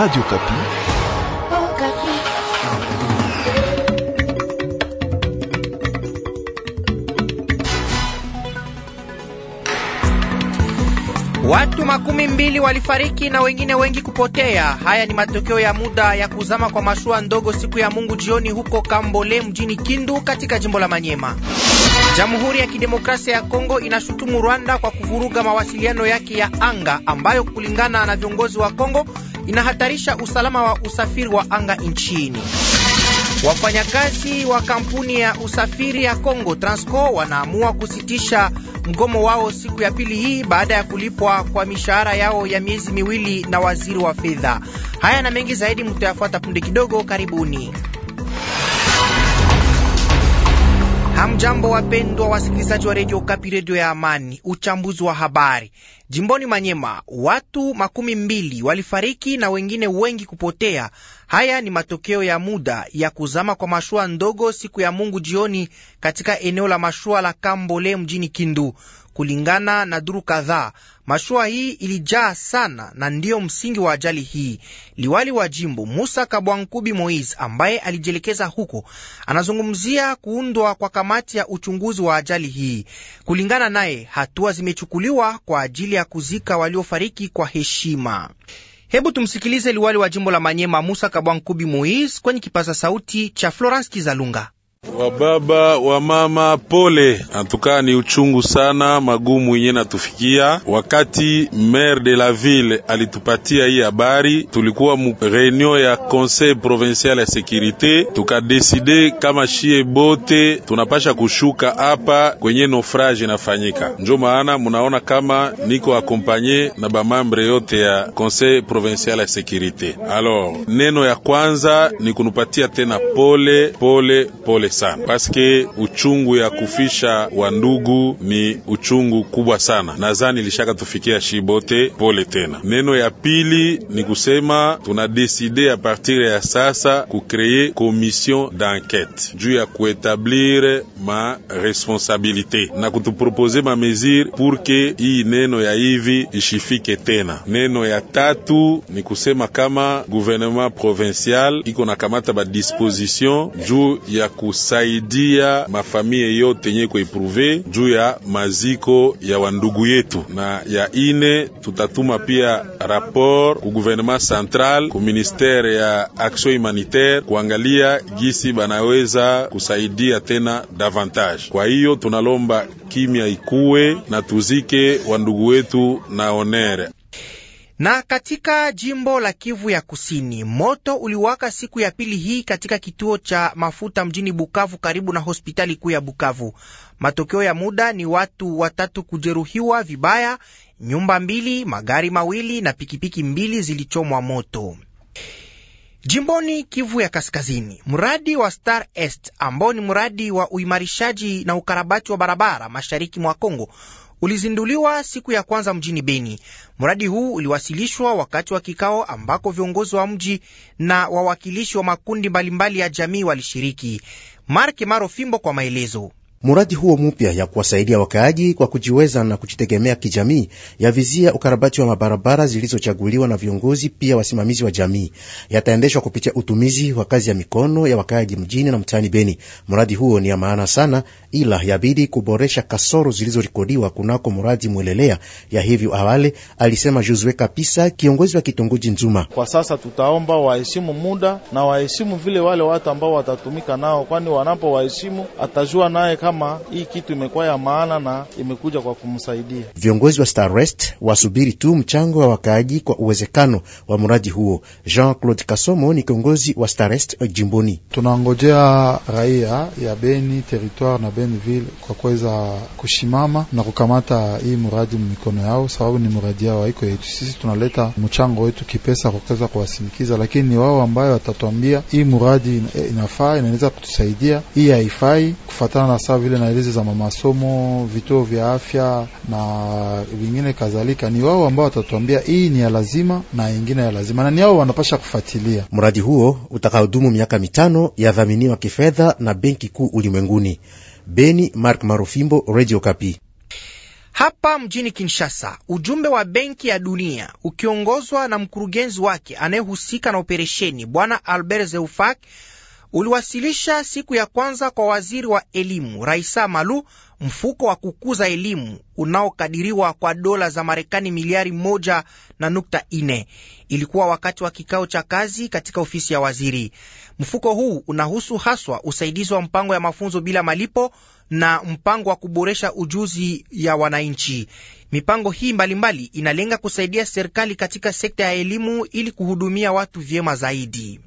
Radio Kapi. Watu makumi mbili walifariki na wengine wengi kupotea. Haya ni matokeo ya muda ya kuzama kwa mashua ndogo siku ya Mungu jioni huko Kambole mjini Kindu katika jimbo la Manyema. Jamhuri ya Kidemokrasia ya Kongo inashutumu Rwanda kwa kuvuruga mawasiliano yake ya anga ambayo kulingana na viongozi wa Kongo inahatarisha usalama wa usafiri wa anga nchini. Wafanyakazi wa kampuni ya usafiri ya congo Transco wanaamua kusitisha mgomo wao siku ya pili hii baada ya kulipwa kwa mishahara yao ya miezi miwili na waziri wa fedha. Haya na mengi zaidi mtayafuata punde kidogo. Karibuni. Hamjambo, wapendwa wasikilizaji wa redio Kapi, redio ya Amani. Uchambuzi wa habari jimboni Manyema, watu makumi mbili walifariki na wengine wengi kupotea. Haya ni matokeo ya muda ya kuzama kwa mashua ndogo siku ya Mungu jioni katika eneo la mashua la Kambole mjini Kindu kulingana na duru kadhaa. Mashua hii ilijaa sana na ndiyo msingi wa ajali hii. Liwali wa jimbo Musa Kabwankubi Mois, ambaye alijielekeza huko, anazungumzia kuundwa kwa kamati ya uchunguzi wa ajali hii. Kulingana naye, hatua zimechukuliwa kwa ajili ya kuzika waliofariki kwa heshima. Hebu tumsikilize liwali wa jimbo la Manyema Musa Kabwankubi Mois, kwenye kipaza sauti cha Florence Kizalunga wa baba wa mama, pole antukaa, ni uchungu sana, magumu yenye natufikia. Wakati maire de la ville alitupatia hii habari, tulikuwa mu reunion ya conseil provincial ya securite, tukadeside kama shie bote tunapasha kushuka hapa kwenye naufrage inafanyika. Njo maana munaona kama niko akompanye na bamambre yote ya conseil provincial ya sécurité. Alors neno ya kwanza ni kunupatia tena pole pole pole sana, paske uchungu ya kufisha wa ndugu ni uchungu kubwa sana. Nadhani ilishaka tufikia shi bote, pole tena. Neno ya pili ni kusema deside a partir ya sasa kukreye komision d'enquete juu ya kuetablire ma responsabilite na kutupropose ma mesure pour que hii neno ya hivi ishifike tena. Neno ya tatu ni kusema kama gouvernement provincial iko na kamata ba disposition juu ya kus kusaidia mafamie yote yenye kuepruve juu ya maziko ya wandugu yetu, na ya ine tutatuma pia rapport ku gouvernement central ku ministere ya action humanitaire kuangalia gisi banaweza kusaidia tena davantage. Kwa hiyo tunalomba kimya ikuwe na tuzike wandugu wetu na onere na katika jimbo la Kivu ya Kusini, moto uliwaka siku ya pili hii katika kituo cha mafuta mjini Bukavu, karibu na hospitali kuu ya Bukavu. Matokeo ya muda ni watu watatu kujeruhiwa vibaya, nyumba mbili, magari mawili na pikipiki mbili zilichomwa moto. Jimboni Kivu ya Kaskazini, mradi wa Star Est ambao ni mradi wa uimarishaji na ukarabati wa barabara mashariki mwa Kongo ulizinduliwa siku ya kwanza mjini Beni. Mradi huu uliwasilishwa wakati wa kikao ambako viongozi wa mji na wawakilishi wa makundi mbalimbali ya jamii walishiriki. Mark Maro Fimbo kwa maelezo. Muradi huo mpya ya kuwasaidia wakaaji kwa kujiweza na kujitegemea kijamii yavizia ukarabati wa mabarabara zilizochaguliwa na viongozi pia wasimamizi wa jamii, yataendeshwa kupitia utumizi wa kazi ya mikono ya wakaaji mjini na mtaani Beni. Mradi huo ni ya maana sana, ila yabidi kuboresha kasoro zilizorekodiwa kunako muradi mwelelea ya hivyo awale, alisema Josue Kapisa, kiongozi wa kitongoji Nzuma. Kwa sasa tutaomba waheshimu muda na waheshimu vile wale watu ambao watatumika nao, kwani wanapo waheshimu atajua naye kama kama hii kitu imekuwa ya maana na imekuja kwa kumsaidia. Viongozi wa Starrest wasubiri tu mchango wa wakaaji kwa uwezekano wa mradi huo. Jean Claude Kasomo ni kiongozi wa Starrest jimboni. Tunangojea raia ya Beni territoire na Benville kwa kuweza kushimama na kukamata hii mradi mikono yao, sababu ni mradi yao, haiko yetu sisi. Tunaleta mchango wetu kipesa kwa kuweza kuwasindikiza, lakini ni wao ambayo watatwambia hii mradi inafaa, inaweza kutusaidia, hii haifai kufatana na sababu vile na hizi za masomo, vituo vya afya na vingine kadhalika, ni wao ambao watatuambia hii ni ya lazima na ingine ya lazima, na ni wao wanapasha kufuatilia mradi huo utakaodumu miaka mitano, yadhaminiwa kifedha na Benki Kuu Ulimwenguni. Beni, Mark Marufimbo, Radio Kapi. Hapa mjini Kinshasa, ujumbe wa Benki ya Dunia ukiongozwa na mkurugenzi wake anayehusika na operesheni Bwana Albert Zeufak uliwasilisha siku ya kwanza kwa waziri wa elimu Raisa Malu mfuko wa kukuza elimu unaokadiriwa kwa dola za Marekani miliari moja na nukta ine. Ilikuwa wakati wa kikao cha kazi katika ofisi ya waziri. Mfuko huu unahusu haswa usaidizi wa mpango ya mafunzo bila malipo na mpango wa kuboresha ujuzi ya wananchi. Mipango hii mbalimbali mbali inalenga kusaidia serikali katika sekta ya elimu ili kuhudumia watu vyema zaidi.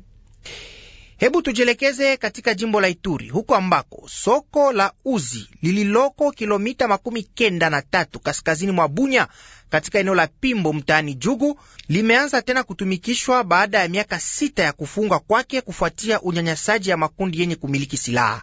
Hebu tujielekeze katika jimbo la Ituri, huko ambako soko la Uzi lililoko kilomita makumi kenda na tatu kaskazini mwa Bunya katika eneo la Pimbo mtaani Jugu limeanza tena kutumikishwa baada ya miaka sita ya kufungwa kwake kufuatia unyanyasaji ya makundi yenye kumiliki silaha.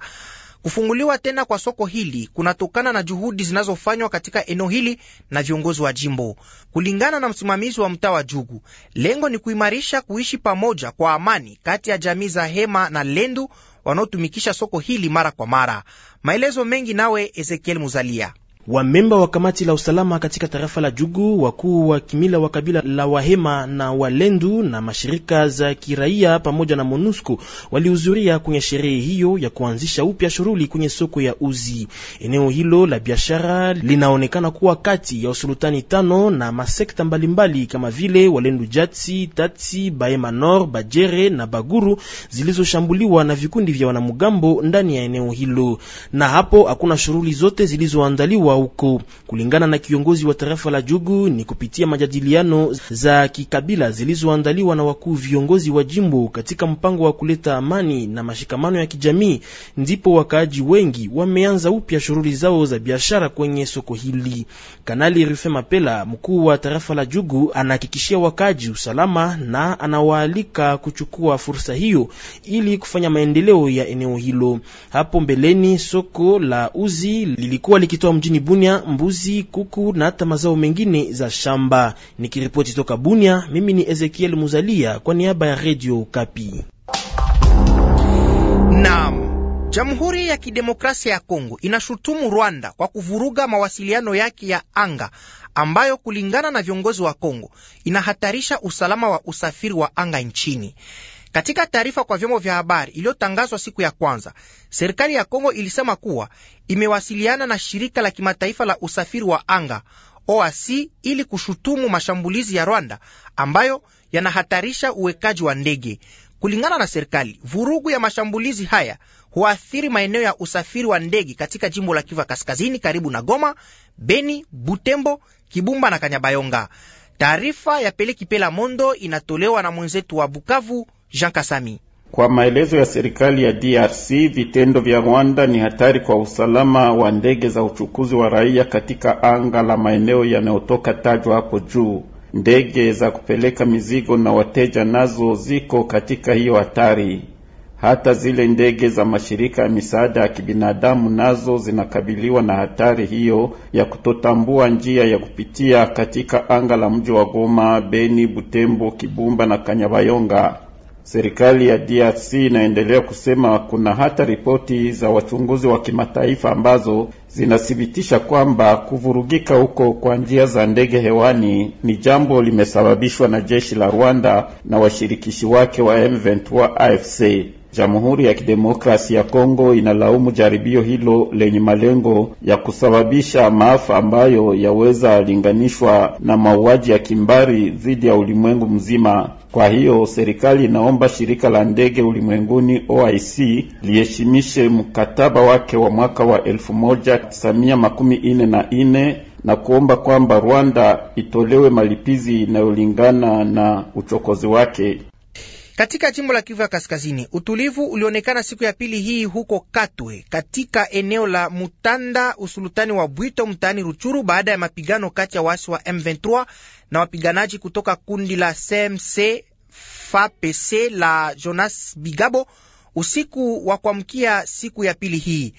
Kufunguliwa tena kwa soko hili kunatokana na juhudi zinazofanywa katika eneo hili na viongozi wa jimbo. Kulingana na msimamizi wa mtaa wa Jugu, lengo ni kuimarisha kuishi pamoja kwa amani kati ya jamii za Hema na Lendu wanaotumikisha soko hili mara kwa mara. Maelezo mengi nawe Ezekiel Muzalia. Wamemba wa kamati la usalama katika tarafa la Jugu, wakuu wa kimila wa kabila la Wahema na Walendu na mashirika za kiraia pamoja na MONUSCO walihudhuria kwenye sherehe hiyo ya kuanzisha upya shughuli kwenye soko ya Uzi. Eneo hilo la biashara linaonekana kuwa kati ya usultani tano na masekta mbalimbali kama vile Walendu Jatsi, Tatsi, Bahema nor Bajere na Baguru zilizoshambuliwa na vikundi vya wanamgambo ndani ya eneo hilo, na hapo hakuna shughuli zote zilizoandaliwa huko. Kulingana na kiongozi wa tarafa la Jugu, ni kupitia majadiliano za kikabila zilizoandaliwa na wakuu viongozi wa jimbo katika mpango wa kuleta amani na mashikamano ya kijamii, ndipo wakaaji wengi wameanza upya shughuli zao za biashara kwenye soko hili. Kanali Rufe Mapela, mkuu wa tarafa la Jugu, anahakikishia wakaaji usalama na anawaalika kuchukua fursa hiyo ili kufanya maendeleo ya eneo hilo. Hapo mbeleni soko la uzi lilikuwa likitoa mjini Bunia mbuzi, kuku na hata mazao mengine za shamba. Nikiripoti toka Bunia, mimi ni Ezekiel Muzalia kwa niaba ya Radio Kapi. Naam. Jamhuri ya Kidemokrasia ya Kongo inashutumu Rwanda kwa kuvuruga mawasiliano yake ya anga ambayo kulingana na viongozi wa Kongo inahatarisha usalama wa usafiri wa anga nchini. Katika taarifa kwa vyombo vya habari iliyotangazwa siku ya kwanza, serikali ya Kongo ilisema kuwa imewasiliana na shirika la kimataifa la usafiri wa anga OAC ili kushutumu mashambulizi ya Rwanda ambayo yanahatarisha uwekaji wa ndege. Kulingana na serikali, vurugu ya mashambulizi haya huathiri maeneo ya usafiri wa ndege katika jimbo la Kivu Kaskazini, karibu na Goma, Beni, Butembo, Kibumba na Kanyabayonga. Taarifa ya Peleki Mondo inatolewa na mwenzetu wa Bukavu, Jean Kasami. Kwa maelezo ya serikali ya DRC, vitendo vya Rwanda ni hatari kwa usalama wa ndege za uchukuzi wa raia katika anga la maeneo yanayotoka tajwa hapo juu. Ndege za kupeleka mizigo na wateja nazo ziko katika hiyo hatari. Hata zile ndege za mashirika ya misaada ya kibinadamu nazo zinakabiliwa na hatari hiyo ya kutotambua njia ya kupitia katika anga la mji wa Goma, Beni, Butembo, Kibumba na Kanyabayonga. Serikali ya DRC inaendelea kusema kuna hata ripoti za wachunguzi wa kimataifa ambazo zinathibitisha kwamba kuvurugika huko kwa njia za ndege hewani ni jambo limesababishwa na jeshi la Rwanda na washirikishi wake wa M23 AFC. Jamhuri ya Kidemokrasi ya Kongo inalaumu jaribio hilo lenye malengo ya kusababisha maafa ambayo yaweza linganishwa na mauaji ya kimbari dhidi ya ulimwengu mzima. Kwa hiyo serikali inaomba shirika la ndege ulimwenguni OIC liheshimishe mkataba wake wa mwaka wa elfu na na kuomba kwamba Rwanda itolewe malipizi inayolingana na uchokozi wake. Katika jimbo la Kivu ya Kaskazini, utulivu ulionekana siku ya pili hii huko Katwe, katika eneo la Mutanda, usulutani wa Bwito, mtaani Ruchuru, baada ya mapigano kati ya waasi wa M23 na wapiganaji kutoka kundi la CMC FAPC la Jonas Bigabo usiku wa kuamkia siku ya pili hii.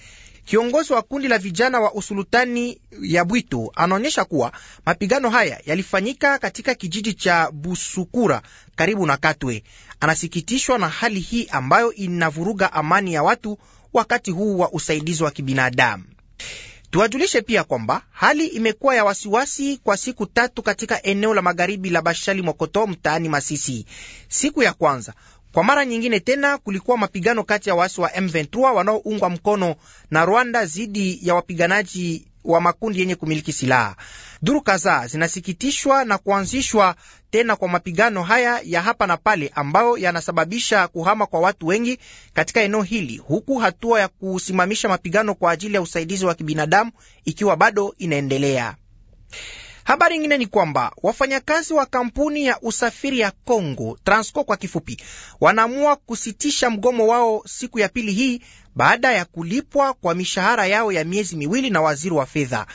Kiongozi wa kundi la vijana wa usulutani ya Bwito anaonyesha kuwa mapigano haya yalifanyika katika kijiji cha Busukura karibu na Katwe. Anasikitishwa na hali hii ambayo inavuruga amani ya watu wakati huu wa usaidizi wa kibinadamu. Tuwajulishe pia kwamba hali imekuwa ya wasiwasi kwa siku tatu katika eneo la magharibi la Bashali Mokoto mtaani Masisi. Siku ya kwanza kwa mara nyingine tena kulikuwa mapigano kati ya waasi wa M23 wanaoungwa mkono na Rwanda dhidi ya wapiganaji wa makundi yenye kumiliki silaha. Duru kadhaa zinasikitishwa na kuanzishwa tena kwa mapigano haya ya hapa na pale ambayo yanasababisha kuhama kwa watu wengi katika eneo hili, huku hatua ya kusimamisha mapigano kwa ajili ya usaidizi wa kibinadamu ikiwa bado inaendelea. Habari ingine ni kwamba wafanyakazi wa kampuni ya usafiri ya congo Transco kwa kifupi, wanaamua kusitisha mgomo wao siku ya pili hii baada ya kulipwa kwa mishahara yao ya miezi miwili na waziri wa fedha.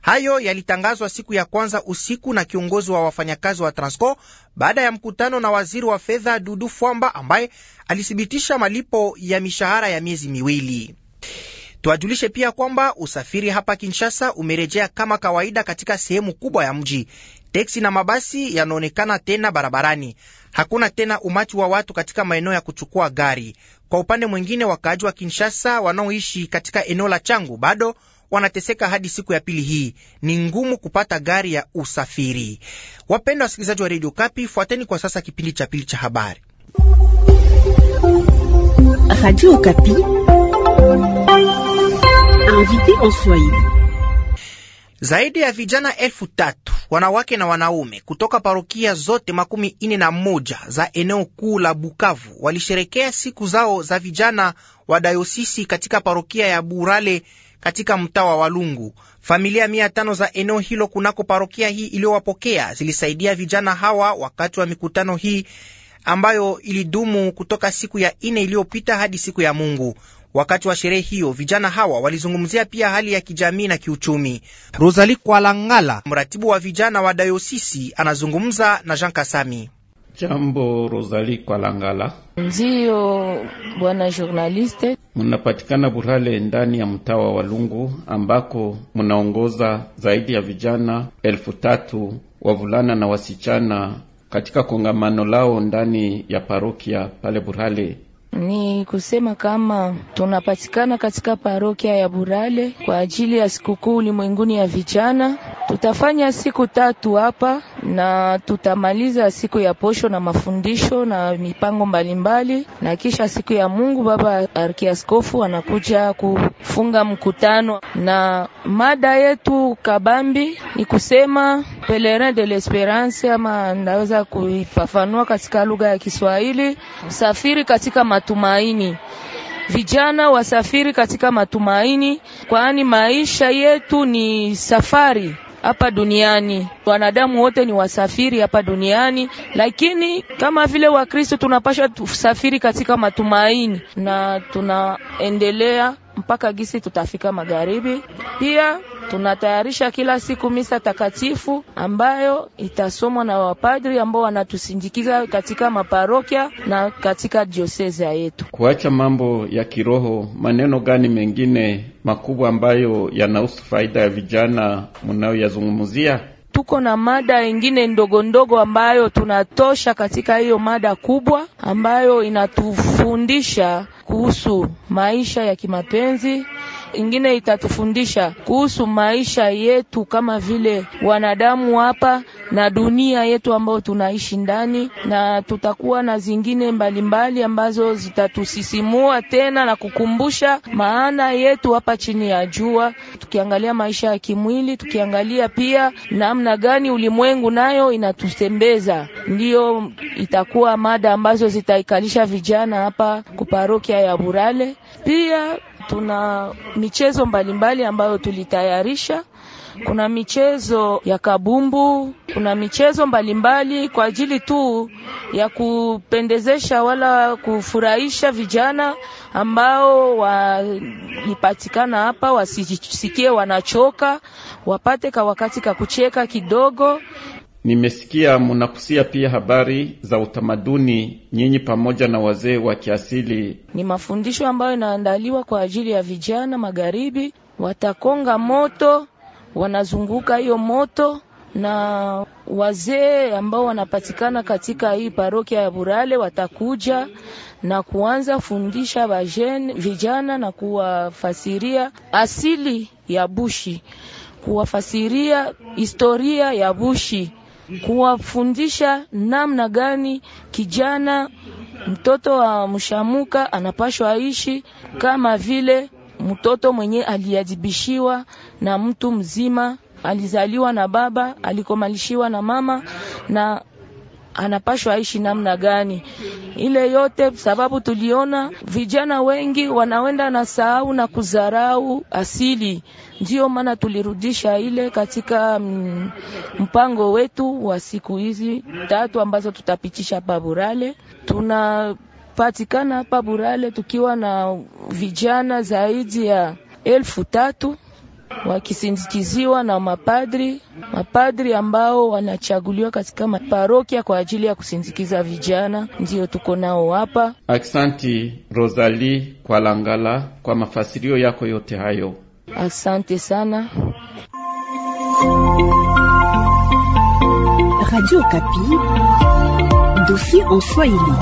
Hayo yalitangazwa siku ya kwanza usiku na kiongozi wa wafanyakazi wa Transco baada ya mkutano na waziri wa fedha Dudu Fwamba ambaye alithibitisha malipo ya mishahara ya miezi miwili. Tuwajulishe pia kwamba usafiri hapa Kinshasa umerejea kama kawaida katika sehemu kubwa ya mji. Teksi na mabasi yanaonekana tena barabarani. Hakuna tena umati wa watu katika maeneo ya kuchukua gari. Kwa upande mwingine, wakaaji wa Kinshasa wanaoishi katika eneo la Changu bado wanateseka hadi siku ya pili hii. Ni ngumu kupata gari ya usafiri. Wapenda wasikilizaji wa redio Kapi, fuateni kwa sasa kipindi cha pili cha habari Radio Kapi. Invité en Swahili. Zaidi ya vijana elfu tatu wanawake na wanaume kutoka parokia zote makumi ine na moja za eneo kuu la Bukavu walisherekea siku zao za vijana wa dayosisi katika parokia ya Burale katika mtaa wa Walungu. Familia mia tano za eneo hilo kunako parokia hii iliyowapokea zilisaidia vijana hawa wakati wa mikutano hii ambayo ilidumu kutoka siku ya ine iliyopita hadi siku ya Mungu. Wakati wa sherehe hiyo vijana hawa walizungumzia pia hali ya kijamii na kiuchumi. Rosali Kwalangala, mratibu wa vijana wa dayosisi, anazungumza na Jean Kasami. Jambo, Rosali Kwalangala. Ndiyo bwana journaliste, munapatikana Burale ndani ya mtawa wa Lungu ambako munaongoza zaidi ya vijana elfu tatu wavulana na wasichana katika kongamano lao ndani ya parokia pale Burale ni kusema kama tunapatikana katika parokia ya Burale kwa ajili ya sikukuu ulimwenguni ya vijana. Tutafanya siku tatu hapa na tutamaliza siku ya posho na mafundisho na mipango mbalimbali mbali. Na kisha siku ya Mungu baba arkiaskofu anakuja kufunga mkutano, na mada yetu kabambi ni kusema pelerin de l'esperance, ama naweza kuifafanua katika lugha ya Kiswahili, msafiri katika matumaini. Vijana wasafiri katika matumaini, kwani maisha yetu ni safari hapa duniani. Wanadamu wote ni wasafiri hapa duniani, lakini kama vile Wakristo tunapasha tusafiri katika matumaini na tunaendelea mpaka gisi tutafika magharibi pia tunatayarisha kila siku misa takatifu ambayo itasomwa na wapadri ambao wanatusindikiza katika maparokia na katika dioseza yetu. Kuacha mambo ya kiroho, maneno gani mengine makubwa ambayo yanahusu faida ya vijana munayoyazungumzia? Tuko na mada ingine ndogo ndogo ambayo tunatosha katika hiyo mada kubwa ambayo inatufundisha kuhusu maisha ya kimapenzi ingine itatufundisha kuhusu maisha yetu kama vile wanadamu hapa na dunia yetu ambayo tunaishi ndani, na tutakuwa na zingine mbalimbali mbali ambazo zitatusisimua tena na kukumbusha maana yetu hapa chini ya jua, tukiangalia maisha ya kimwili, tukiangalia pia namna gani ulimwengu nayo inatutembeza. Ndiyo itakuwa mada ambazo zitaikalisha vijana hapa kuparokia ya Burale pia tuna michezo mbalimbali mbali ambayo tulitayarisha. Kuna michezo ya kabumbu, kuna michezo mbalimbali mbali kwa ajili tu ya kupendezesha wala kufurahisha vijana ambao walipatikana hapa, wasisikie wanachoka, wapate ka wakati ka kucheka kidogo Nimesikia munakusia pia habari za utamaduni nyinyi pamoja na wazee wa kiasili. Ni mafundisho ambayo inaandaliwa kwa ajili ya vijana magharibi, watakonga moto, wanazunguka hiyo moto na wazee ambao wanapatikana katika hii parokia ya Burale watakuja na kuanza fundisha bajeni, vijana na kuwafasiria asili ya Bushi, kuwafasiria historia ya Bushi kuwafundisha namna gani kijana mtoto wa mshamuka anapashwa aishi kama vile mtoto mwenye aliadhibishiwa na mtu mzima, alizaliwa na baba, alikomalishiwa na mama, na anapashwa aishi namna gani, ile yote sababu tuliona vijana wengi wanawenda na sahau na kuzarau asili. ndio maana tulirudisha ile katika mm, mpango wetu wa siku hizi tatu ambazo tutapitisha paburale tuna patikana hapa Burale tukiwa na vijana zaidi ya elfu tatu wakisindikiziwa na mapadri mapadri ambao wanachaguliwa katika parokia kwa ajili ya kusindikiza vijana, ndiyo tuko nao hapa. Aksanti Rosalie kwa Langala kwa mafasirio yako yote hayo, asante sana. Radio Kapi, en Swahili.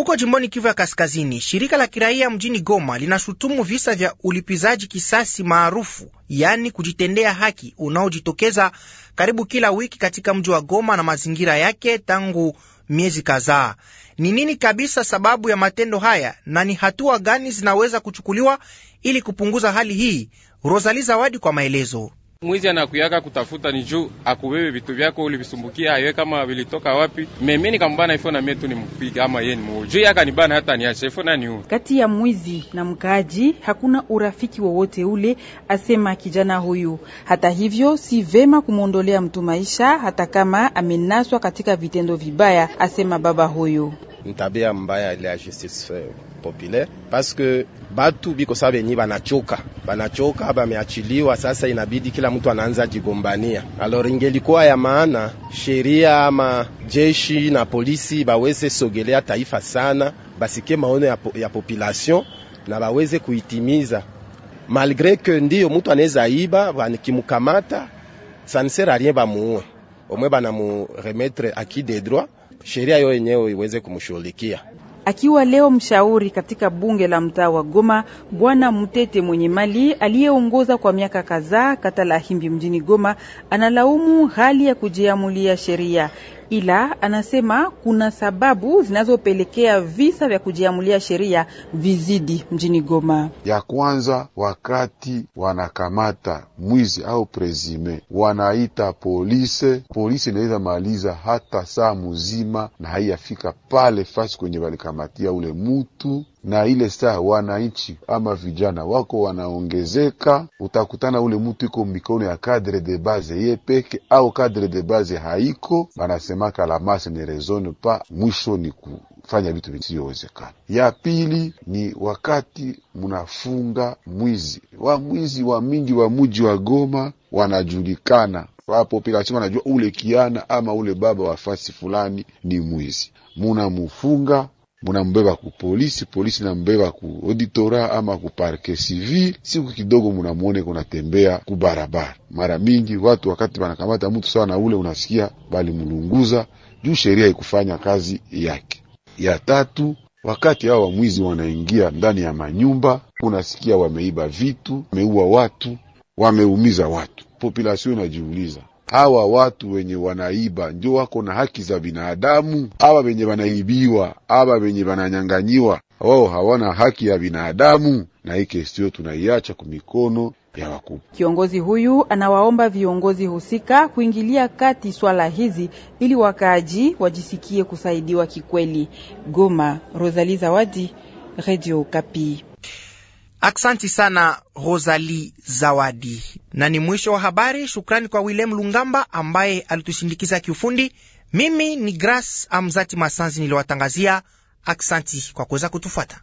Huko jimboni Kivu ya Kaskazini, shirika la kiraia mjini Goma linashutumu visa vya ulipizaji kisasi maarufu, yaani kujitendea haki, unaojitokeza karibu kila wiki katika mji wa Goma na mazingira yake tangu miezi kadhaa. Ni nini kabisa sababu ya matendo haya na ni hatua gani zinaweza kuchukuliwa ili kupunguza hali hii? Rosali Zawadi kwa maelezo. Mwizi anakuyaka kutafuta ni juu akubebe vitu vyako ulivisumbukia, aiwe kama vilitoka wapi. Mimi nikambana ifo na mimi tu ama yeye ni juu yaka nibana hata niache ifo nani niu. Kati ya mwizi na mkaaji hakuna urafiki wowote ule, asema kijana huyu. Hata hivyo, si vema kumwondolea mtu maisha hata kama amenaswa katika vitendo vibaya, asema baba huyu ni tabia mbaya ile ya justice eh, populaire, parce que batu biko saa benyi banachoka banachoka, bameachiliwa. Sasa inabidi kila mtu anaanza jigombania. Alors ingelikuwa ya maana sheria ama jeshi na polisi baweze sogelea taifa sana, basikie maono ya, po, ya population na baweze kuitimiza malgre que ndio mtu anaweza iba, banikimukamata sansera rien, bamuue omwe banamuremetre acquis des droits sheria hiyo yenyewe iweze kumshughulikia. Akiwa leo mshauri katika bunge la mtaa wa Goma, Bwana mtete mwenye mali aliyeongoza kwa miaka kadhaa kata la Himbi mjini Goma, analaumu hali ya kujiamulia sheria ila anasema kuna sababu zinazopelekea visa vya kujiamulia sheria vizidi mjini Goma. Ya kwanza, wakati wanakamata mwizi au prezime, wanaita polise, polisi inaweza maliza hata saa mzima na haiyafika pale fasi kwenye walikamatia ule mutu na ile saa wananchi ama vijana wako wanaongezeka, utakutana ule mtu iko mikono ya cadre de base ye peke au cadre de base haiko, banasemaka la masse ne raisonne pas. Mwisho ni kufanya vitu visiyowezekana. Ya pili ni wakati mnafunga mwizi wa mwizi wa mingi wa muji wa Goma wanajulikana population wanajua ule kiana ama ule baba wa fasi fulani ni mwizi, munamufunga munambeba ku polisi, polisi nambeba ku auditora ama ku parke civil. Siku kidogo munamuone kunatembea ku barabara. Mara mingi watu wakati wanakamata mtu sawa na ule, unasikia bali mulunguza juu sheria ikufanya kazi yake. Ya tatu, wakati hao wamwizi wanaingia ndani ya manyumba, unasikia wameiba vitu, wameua watu, wameumiza watu. Population inajiuliza hawa watu wenye wanaiba ndio wako na haki za binadamu? Hawa wenye wanaibiwa, hawa wenye wananyanganyiwa, wao hawana haki ya binadamu? Na hii kestio tunaiacha mikono ya wakubwa. Kiongozi huyu anawaomba viongozi husika kuingilia kati swala hizi ili wakaaji wajisikie kusaidiwa kikweli. Goma, Rosalie Zawadi, Radio Kapi. Aksanti sana Rosali Zawadi, na ni mwisho wa habari. Shukrani kwa Willem Lungamba ambaye alitushindikiza kiufundi. Mimi ni Grace Amzati Masanzi niliwatangazia. Aksanti kwa kuweza kutufuata.